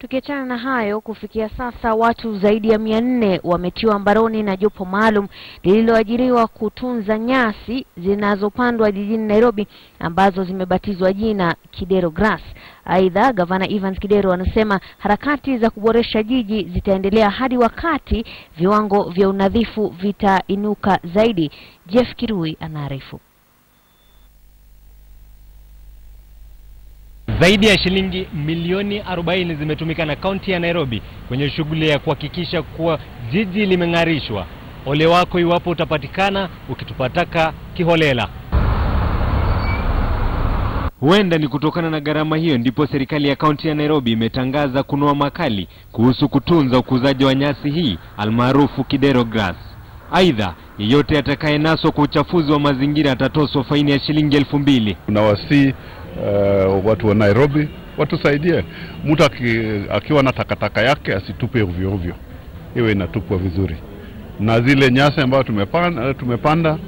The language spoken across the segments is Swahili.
Tukiachana na hayo, kufikia sasa watu zaidi ya mia nne wametiwa mbaroni na jopo maalum lililoajiriwa kutunza nyasi zinazopandwa jijini Nairobi ambazo zimebatizwa jina Kidero Grass. Aidha, gavana Evans Kidero anasema harakati za kuboresha jiji zitaendelea hadi wakati viwango vya unadhifu vitainuka zaidi. Jeff Kirui anaarifu. Zaidi ya shilingi milioni 40 zimetumika na kaunti ya Nairobi kwenye shughuli ya kuhakikisha kuwa jiji limeng'arishwa. Ole wako iwapo utapatikana ukitupataka kiholela. Huenda ni kutokana na gharama hiyo ndipo serikali ya kaunti ya Nairobi imetangaza kunoa makali kuhusu kutunza ukuzaji wa nyasi hii almaarufu kidero grass. Aidha, yeyote atakayenaswa kwa uchafuzi wa mazingira atatoswa faini ya shilingi elfu mbili. Tunawasii uh, watu wa Nairobi watusaidie. Mtu akiwa na takataka yake asitupe ovyo ovyo, iwe inatupwa vizuri, na zile nyasi ambayo tumepanda, tumepanda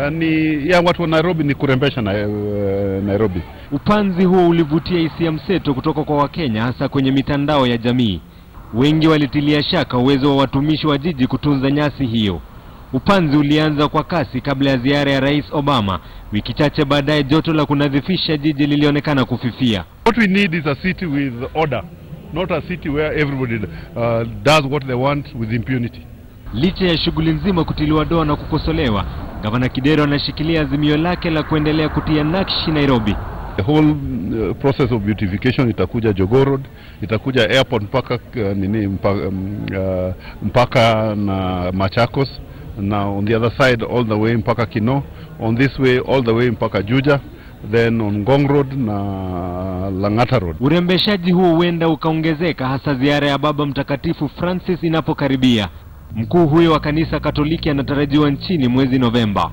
eh, ni ya watu wa Nairobi, ni kurembesha na, uh, Nairobi. Upanzi huo ulivutia hisia mseto kutoka kwa Wakenya, hasa kwenye mitandao ya jamii. Wengi walitilia shaka uwezo wa watumishi wa jiji kutunza nyasi hiyo. Upanzi ulianza kwa kasi kabla ya ziara ya Rais Obama. Wiki chache baadaye, joto la kunadhifisha jiji lilionekana kufifia. What we need is a city with order, not a city where everybody uh, does what they want with impunity. Licha ya shughuli nzima kutiliwa doa na kukosolewa, Gavana Kidero anashikilia azimio lake la kuendelea kutia nakshi Nairobi. The whole uh, process of beautification itakuja Jogoo Road, itakuja airport mpaka uh, nini mpaka, um, uh, mpaka na Machakos na on the other side all the way mpaka Kino, on this way all the way mpaka Juja, then on Ngong Road na Lang'ata Road. Urembeshaji huo huenda ukaongezeka hasa ziara ya Baba Mtakatifu Francis inapokaribia. Mkuu huyo wa kanisa Katoliki anatarajiwa nchini mwezi Novemba.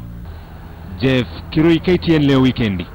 Jeff Kirui, KTN leo wikendi.